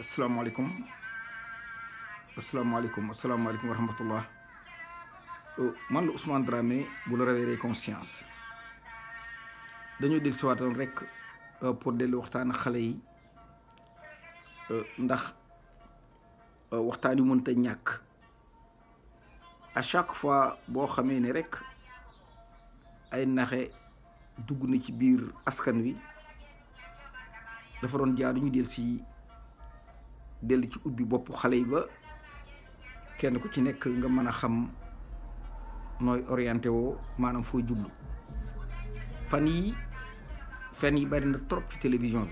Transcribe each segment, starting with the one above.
asalaamaaleykum asalaamaaleykum alaykoum wa rahmatullah euh, man suis Ousmane Dramé la conscience rek euh, pour yi euh, ndax à chaque fois bo xamé ni rek ay naxé dugg na ci bir askan wi dafa del de ci ubbi boppu xalé yi ba kenn ku ci nga xam orienté trop télévision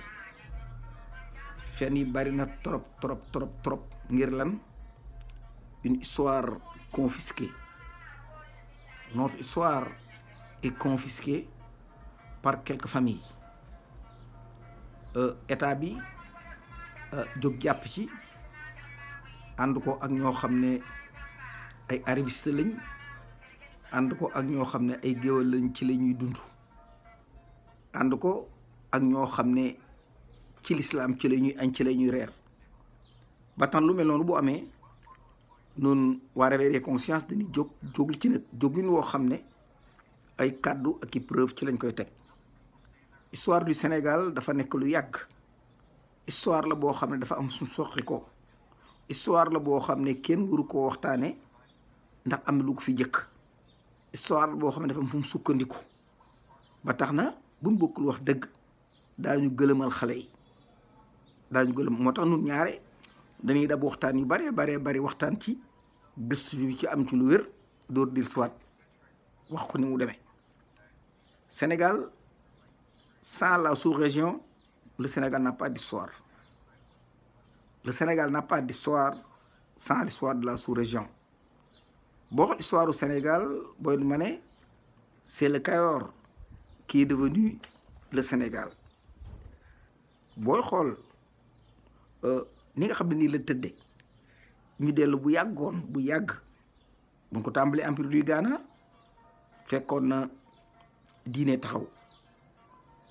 yi trop trop trop une histoire confisquée notre histoire est confisquée par quelques familles euh, état Euh, jóg jàpp ci ànd ko ak ñoo xam ne ay arriviste lañ ànd ko ak ñoo xam ne ay géwél lañ ci la ñuy dund ànd ko ak ñoo xam ne ci lislaam ci la ñuy añ ci la ñuy reer ba lu mel noonu bu amee noonu waa réveiller conscience dañuy jóg jógul ci nag jógin woo xam ne ay kàddu ak i preuve ci lañ koy teg histoire du Sénégal dafa nekk lu yàgg histoire la boo xam ne dafa am su soqi ko histoire la boo xam ne kenn waru koo waxtaane ndax am lu ko fi jëkk histoire la boo xam ne dafa am fu mu sukkandiku ba tax na buñ wax dëgg daañu gëlëmal xale yi daañu gëlëm moo tax nun ñaare dañuy dab waxtaan yi bare bare bari waxtaan ci gëstu bi ci am ci lu wér door dil soit wax ko ni mu demee Sénégal sans la sous-région le Sénégal n'a pas d'histoire. Le Sénégal n'a pas d'histoire sans l'histoire de la sous-région. Bon, l'histoire au Sénégal, c'est le cœur qui est devenu le Sénégal. booy xool euh, ni nga le ne il la tëddee ñu dellu bu yàggoon bu yàgg bu ko tàmbalee empire du Ghana taxaw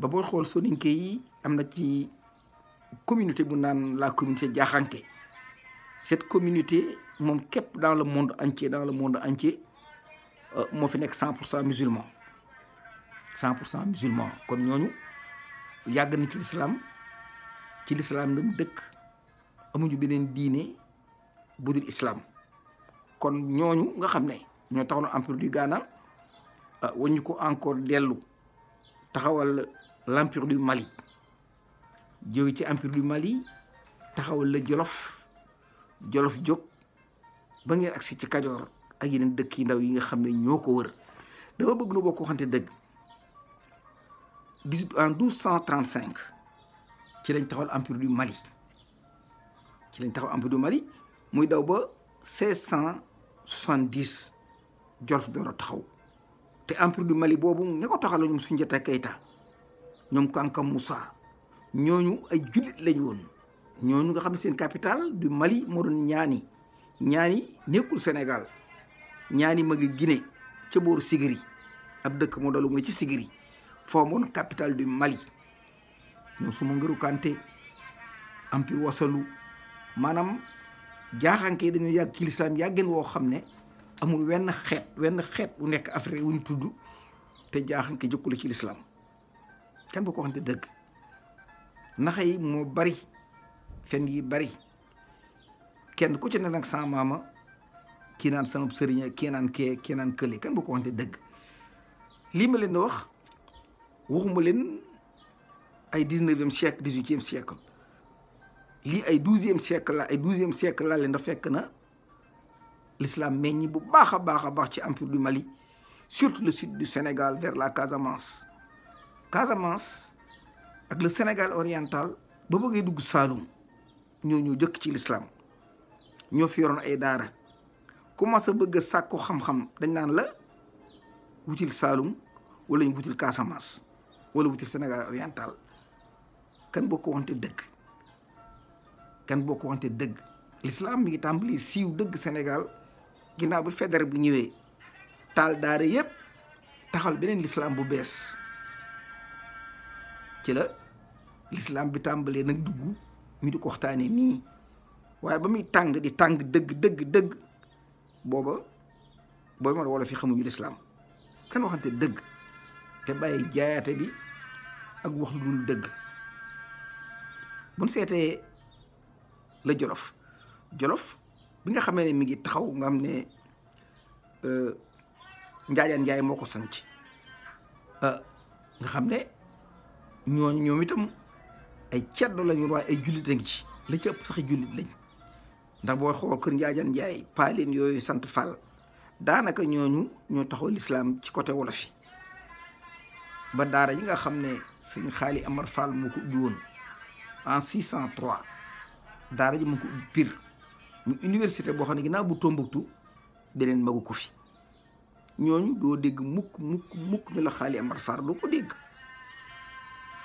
ba boo xool soninke yi ci communauté bu nan la communauté jaaxanke cette communauté mom kep dans le monde entier dans le monde entier euh, mo fi nek 100% musulman 100% musulman kon ñooñu yàgg na ci lislaam ci lislaam lañ dëkk amuñu benen diiné budul islam kon ñooñu nga xamné ño ñoo empire du Ghana euh, wañu ko encore dellu taxawal l'empire du Mali jóge ci empire du Mali taxawal le Jolof Jolof jóg ba ngeen agsi ci Kajoor ak yeneen dëkk yi ndaw yi nga xam ne ñoo ko wër dama bëgg nu bokk waxante dëgg dix en douze ci lañ taxawal empire du Mali ci lañ taxawal empire du Mali muy daw ba seize Jolof door a taxaw te empire du Mali boobu ña ko taxawal ñoom Soundiata Keita ñoom Kanka Moussa ñooñu ay jullit lañ woon ñooñu nga xam ne seen capitale du Mali moo doon ñaani ñaani nekkul Sénégal ñaani ma ngi Guinée ca booru Sigiri ab dëkk moo dalu mu ne ci Sigiri foomoon capitale du Mali ñoom suma ngëru Kanté empire wasalu maanaam jaaxanke yi dañoo yàgg ci lislaam yàggeen woo xam ne amul wenn xeet wenn xeet bu nekk Afrique wu ñu tudd te jaaxanke jëkkule ci lislam kan boo ko waxante bari fen yi bari ne ma siècle 18e siècle li ay siècle la ay e siècle la len da fekk na l'islam bu baakha baakha bax du Mali surtout le sud du Sénégal vers la Casamance Casamance ak le Sénégal oriental ba bëggee dugg saalum ñoo ñoo jëkk ci lislaam ñoo fi yoroon ay daara commencé bëgg a sàkku xam-xam dañ naan la wutil Saloum wala ñu wutil Casamance wala wutil Sénégal oriental kan boo ko wante dëgg dëgg lislaam mi ngi tàmbali siiw dëgg Sénégal ginnaaw bu fédéré bu ñëwee taal daara yépp taxal beneen lislaam bu bees ci la l'islam bi tàmbalee nag dugg ñu di ko waxtaanee nii waaye ba muy tàng di tàng dëgg dëgg dëgg booba booy ma wolof yi xamuñu lislaam kan waxante dëgg te bàyyi jaayaate bi ak wax lu dul dëgg buñ seetee la jolof jolof bi nga xamee ne mi ngi taxaw nga xam ne euh, njaajaan njaay moo ko sanc euh, nga xam ne ñooñu ñoom itam ay ceddo lañu waaye ay jullit a ngi ci la ci ëpp sax jullit lañ ndax boo xool kër Njaajan Njaay paalin yooyu sant Fall daanaka ñooñu ñoo taxaw lislaam ci côté wolof yi ba daara yi nga xam ne sëñ Xaali Amar Fall moo ko ubbi woon en 603 daara ji mu ko mu université boo xam ne ginnaaw bu Tombouctou beneen magu ko fi ñooñu doo dégg mukk mukk mukk ñu la Xaali Amar Fall doo ko dégg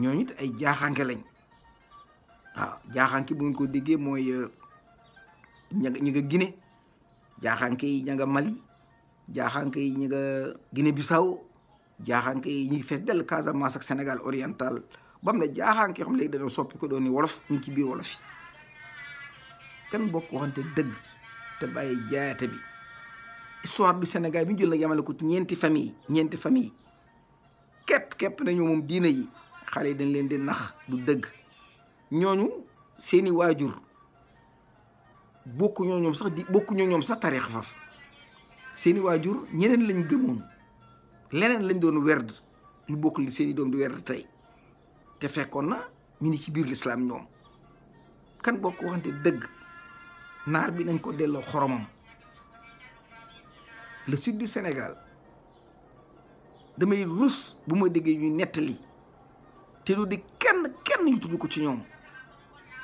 ñooñu it ay jaaxanke lañ waaw jaaxanke bu ngeen ko déggee mooy euh, ñi nga Guinée jaaxanke yi ña nga Mali jaaxanke yi ñi nga Guinée Bissau jaaxanke yi ñi fees del Casamance ak Sénégal oriental ba mu ne jaaxanke xam léegi dana soppi ko doon ni wolof ñu ci biir wolof yi kan bokk waxante dëgg te bàyyi jaayate bi histoire du Sénégal bi ñu jël nag yamale ko ci ñeenti famille ñeenti famille képp képp nañu moom diina yi xale yi dañ leen di nax du dëgg ñooñu seeni waajur bokku ñoo ñoom sax di bokku ñoom sax faf seeni waajur ñeneen lañ gëmoon leneen lañ doon werd lu bokk li seeni doom du werd tey te fekkoon na ñu ni ci biir lislaam ñoom kan bokk waxante dëgg naar bi nañ ko delloo xoromam le sud du damay rus bu ma déggee ñuy nettali té du di kenn kenn ñu tuddu ko ci ñom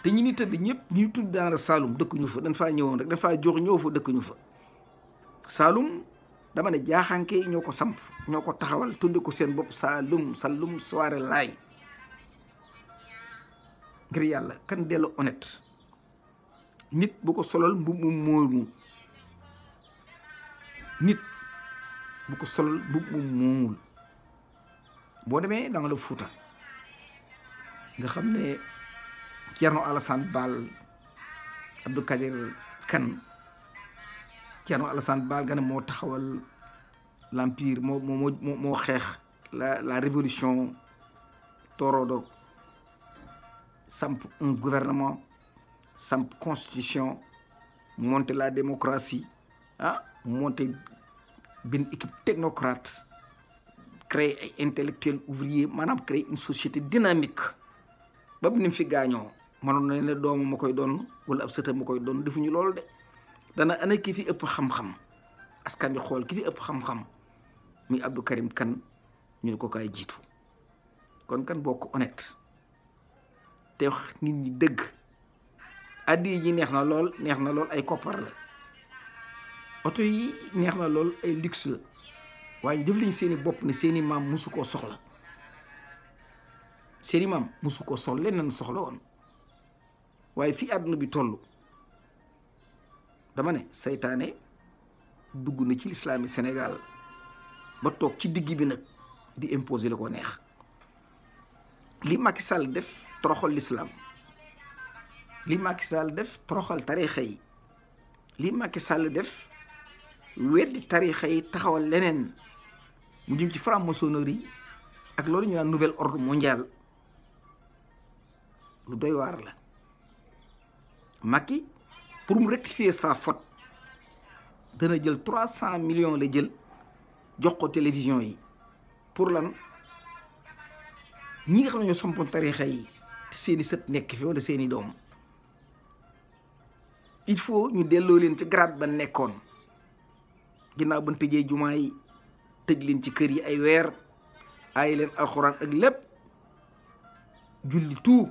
té ñi ni tëdd ñëpp ñu tudd salum dekk ñu fa dañ fa ñëwoon rek dañ fa jox ñëw fa ñu fa salum dama né jaaxanke ñoko samp ñoko taxawal tuddu ko seen bop salum salum soirée lay ngir yalla kan dellu honnête nit bu ko solal bu mu moomu nit bu ko solal bu mu moomul bo démé da nga la nga xam ne Thierno Alassane bal Abdou Kadir Kane Thierno Alassane bal Kane moo taxawal l'empire moo moo moo moo xeex la la révolution torodo samp un gouvernement samp constitution monter la démocratie ah monter bin équipe technocrate créer ay intellectuels ouvriers maanaam créer une société dynamique ba ni fi gaañoo manoon nañ ne doomu ma koy doon wala ab sëtam ma koy doon defuñu loolu de dana ana ki fi ëpp xam-xam askan bi xool ki fi ëpp xam-xam muy Abdou Karim Kane ñu ne ko kaay jiitu kon kan bokk honnête te nit ñi dëgg a ji neex na lool neex na lool ay koppar la oto yi neex na lool ay luxe la waaye def lañ seeni bopp ne seeni maam mosu koo soxla seeni maam mosu ko sol leen nan soxla woon waaye fii àdduna bi toll dama ne seytaane dugg na ci lislaami Sénégal ba toog ci digg bi nag di imposer la ko neex li Macky Sall def toroxal lislaam li Macky Sall def toroxal tarixa yi li Macky Sall def weddi tarixa yi taxawal leneen mu jëm ci franc-maçonnerie ak loolu ñu naan nouvelle ordre mondial lu doy waar la Macky pour mu rectifier sa faute dana jël trois cent million la jël jox ko télévision yi pour lan ñi nga xam ne ñoo tarixa yi te seeni sët nekk fi wala seeni doom il faut ñu delloo leen ci grade ba nekkoon ginnaaw ban tëjee jumaa yi tëj leen ci kër yi ay weer aay leen alxuraan ak lépp julli tout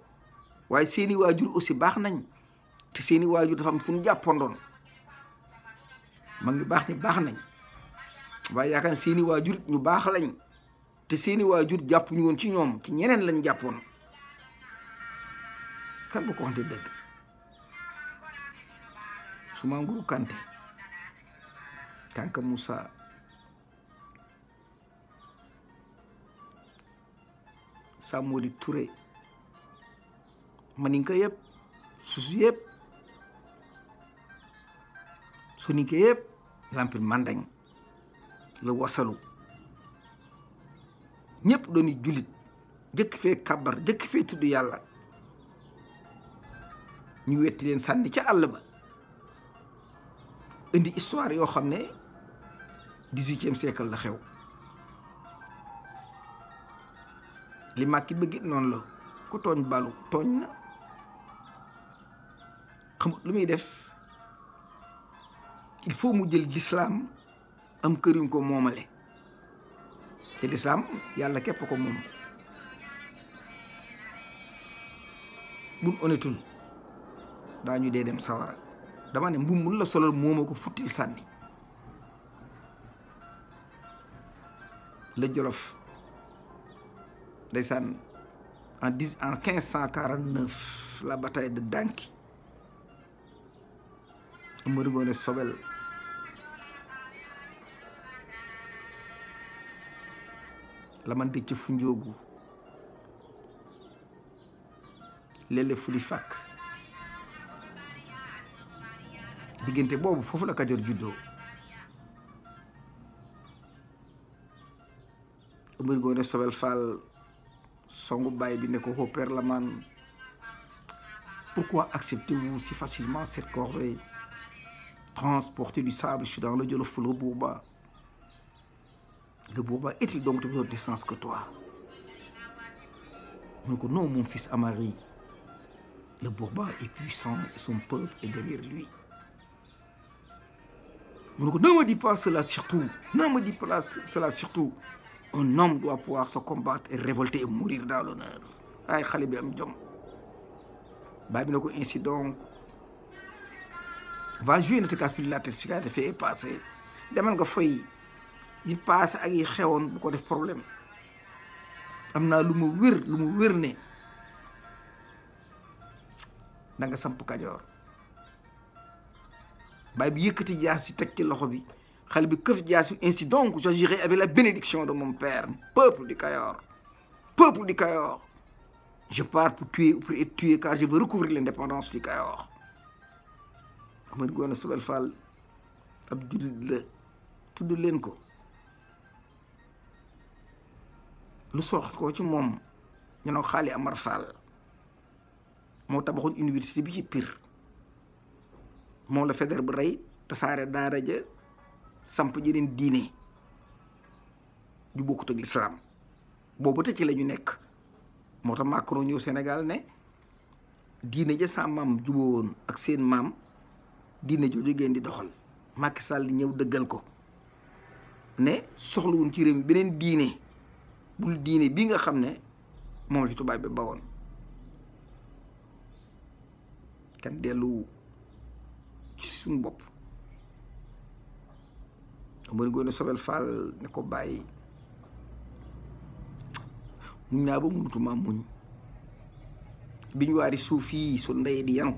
waye seeni wajur aussi bax nañ te seeni wajur dafa am fuñu ñu jàppondoon ma ngi bax ñi baax nañ waye yakane seeni wajur ñu bax lañ te seeni wajur japp ñu won ci ñom ci ñeneen lañ jappon kan bu ko xanté deug suma nguru kante tanka musa samuri Touré maninka yëpp susu yëpp soninke yëpp lampil mandañ la wasalu ñëpp dooni julit jëkk fee kabar jëkk fee tudd yàlla ñu wetti leen sànni ca àll ba indi histoire yoo xam ne dix-huitième la xew li màkki bëggit noonu la ku tooñ balu tooñ na Comme lu muy def il faut mu jël l'islam am këriñ ko moomale te l'islam yàlla képp ko moom buñ onetul dee sawara dama ne la solal ko la jolof ndeysaan en 1549, en 1549, la bataille de Danki Amari Ngoone Sobel Lamane ci Foundiogou Lele Fuli fak diggante bobu fofu la Kajoor juddoo Amari Ngoone Sobel Fall songu baay bi ne ko oh père pourquoi acceptez-vous si facilement cette corvée transporter du sable, je suis dans le Djolof le Bourba. Le Bourba est-il donc de plus naissance que toi non, mon fils Amari, le Bourba est puissant et son peuple est derrière lui. ne me dis pas cela surtout, ne me dis pas cela surtout. Un homme doit pouvoir se combattre et révolter et mourir dans l'honneur. Aïe, ainsi donc, va jouer notre casse la tête su ko defee passé demal nga il yi passe, ak yi xewoon bu ko def problème am naa lu mu wér lu mu wér qui da nga bi yekati jass ci tek ci loxo bi Xal bi keuf jass incident ainsi donc j'agirai avec la bénédiction de mon père peuple du Kayor peuple du Kayor je pars pour tuer ou pour être tué car je veux recouvrir l'indépendance du Kayor Amadou Ngoné Sobel Fall ab jullit la tudd leen ko lu sox ko ci moom ñu ne Xaali Amar Fall moo tabaxoon université bi ci piir moom la feder bu rey tasaare daara ja samp jeneen diine ju bokkut ak lislaam boobu te ci la ñu nekk moo tax Macron ñëw Sénégal ne diine ja sa maam ak seen maam dina joju gën di doxal Macky Sall ñew deggal ko ne won ci réew mi beneen bul diiné bi nga xamné ne fi tubaab bi bawon kan delu ci bop. bopp amoon goone sobel fal ne ko bàyyi mu naa mu mutuma muñ biñ waari soufi su ndey di yanu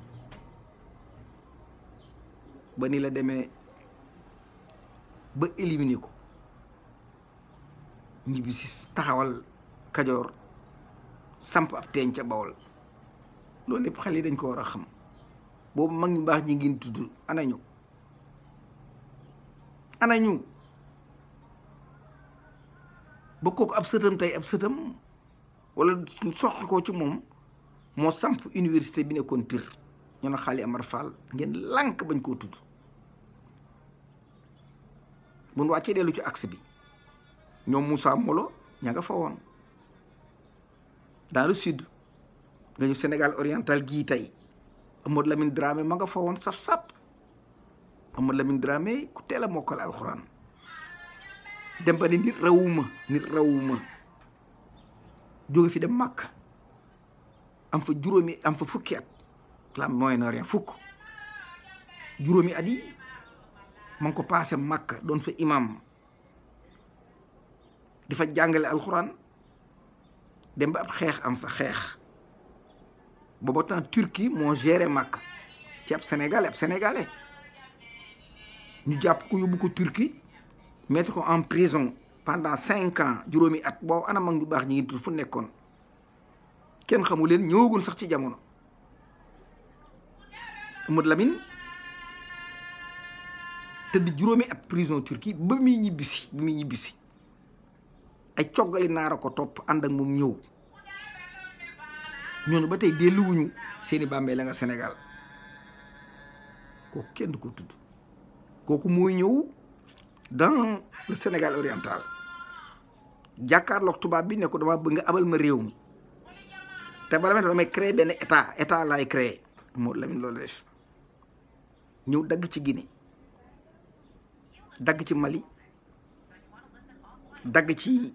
ba nii la demee ba éliminer ko ñibbi si taxawal kajoor samp ab teen ca bawol loolu lépp xel yi dañ ko war a xam boobu mag ñu baax ñi ngeen tudd anañu anañu ba ko ab sëtam tey ab sëtëm wala soqi koo ci moom moo samp université bi nekkoon Pire ñoo na Xaali Amar Fall ngeen lànk bañ koo tudd bu nu wàccee dellu ci axe bi ñom Moussa Molo ña nga fa won dans le sud ñu oriental gi tay Amadou Lamine Dramé ma nga fa won saf-sap Amadou Lamine Dramé ku téla a alcorane dem ba nit rawuma nit rawuma fi dem makka am fa juromi am fa fukki at la Moyen-Orient fukk ma ko passé Makka don fa imam di fa jàngale alxuraan dem ba ab xex am fa xeex booba tan turki mo géré Makka ci ab sénégalais ab sénégalais ñu japp ko yobbu ko turki mettre ko en prison pendant 5 ans juróomi at bo anam ak ñu bax ñi tur fu nekkon ken xamulen leen sax ci jamono Amadou Lamine di juromi at prison turki ba muy ñibbisi ba muy ñibbisi ay ciogali naara ko top and ak moom ñew ñono ba delu wuñu seeni bambe la nga senegal ko kenn ko tuddu koku moy ñew dans le senegal oriental lok tuba bi ne ko dama bëgg abal ma rew mi te la ma damay créer ben état état lay créer mo Lamine loolu def ci Guinée dag ci Mali dag ci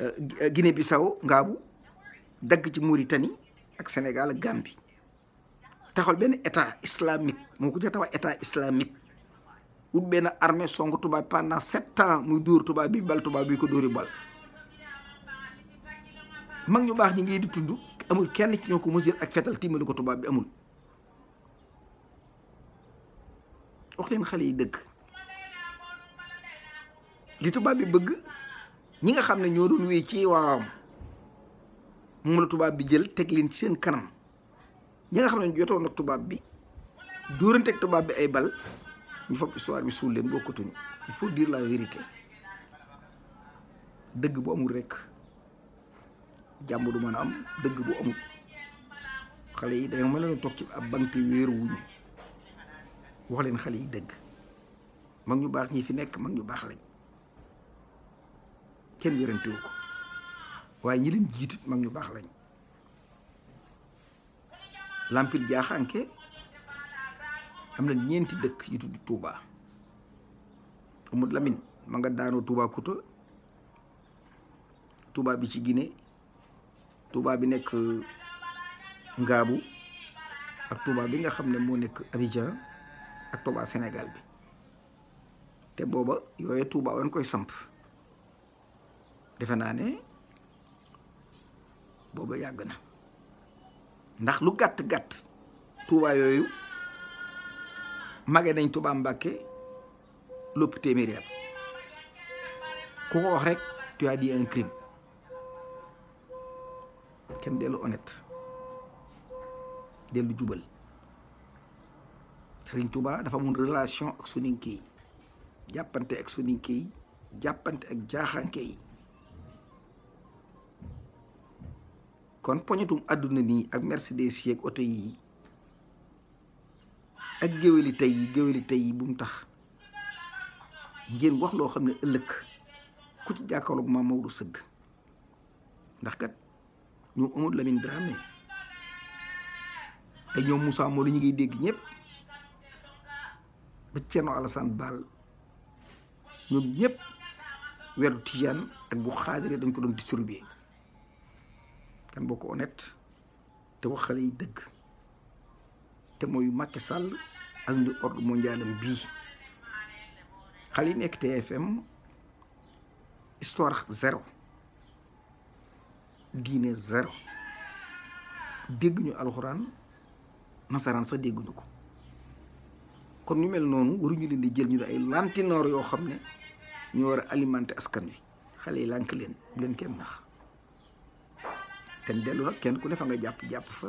euh, euh, Guinée Bissau ngabu dag ci Mauritanie ak Sénégal ak Gambie taxol ben état islamique moko ko wa état islamique ut ben armée songu touba pendant 7 ans muy dur touba bi bal touba bi ko dori bal mag ñu bax ñi ngi di tuddu amul kenn ci ñoko mesure ak fetal ko touba bi amul wax leen xale li tuba bi bëgg ñi nga xamne ne ñoo doon wé ci waawam moom la tuba bi jël tek liñ ci seen kanam ñi nga xamne jotto nak tuba bi dóorante ak tuba bi ay bal ñu fop histoire bi sul leen bokkatuñu il faut dire la vérité deug bu amul rek jamm du mëna am deug bu amul xalé yi dañoo mën leen toog ci ab banki wëru wuñu wax leen xale yi deug mag ñu baax ñi fi nek mag ñu baax lañ kenn wu ko waaye ñi leen jiitut mag ñu baax lañ l'empire jaaxanke am na ñeenti dëkk yu tudd Touba umut Lamine ma nga daano Touba Kuta Touba bi ci Guinée Touba bi nekk euh, Ngaabu ak Touba bi nga xam ne moo Abidjan ak Touba Sénégal bi te booba yooye Touba wan koy samp defe naa ne booba yàgg na ndax lu gatt gatt touba yoyu magé nañ touba mbàkke lopp téméré at ko wax rek tu as dit un crime kenn délu honnête délu djubal sëriñ touba dafa amoon relation ak suninké yi ak suninké yi ak jaxanké kon poñetum aduna ni ak mercedes yi ak auto yi ak geweli tay yi géwéli tey yi bu mutax ngeen wax lo xamne euleuk ku ci jakkalu ma mawdu seug ndax kat ñu amul Lamine Dramé te ñom Moussa mo la ñu ngi dégg ñep ba Thierno Alassane bal ñom ñep weeru Tijaan ak bu xadiré dañ ko doon distribuer kan boo ko honnête te wax xale yi dëgg te mooy Macky Sall ak ñu ordre mondialam bii xale yi nekk TFM histoire zéro diine zéro dégg ñu alxuraan nasaraan sax dégguñu ko kon nu mel noonu waruñu leen di jël ñu ne ay lantinoor yoo xam ne ñu war a alimenter askan wi xale yi lànk leen bu leen kenn nax ten dellu kenn ku ne fa nga jàpp jàpp fa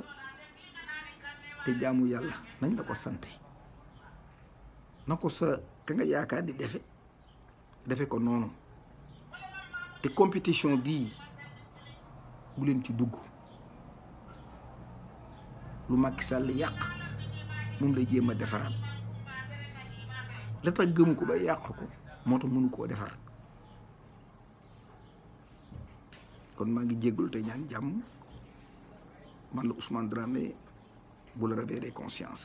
te jaamu yàlla nañ la ko sante na ko sa ka nga yaakaar di defe defe ko noonu te compétition bii bu leen ci dugg lu Macky sàll yàq moom lay jéem a defaraat la tax gëmu ko ba yàq ko moo tax mënu koo defar kon maa ngi jéggul te ñaan jàmm man la Ousmane Dramé bu la réveillé des consciences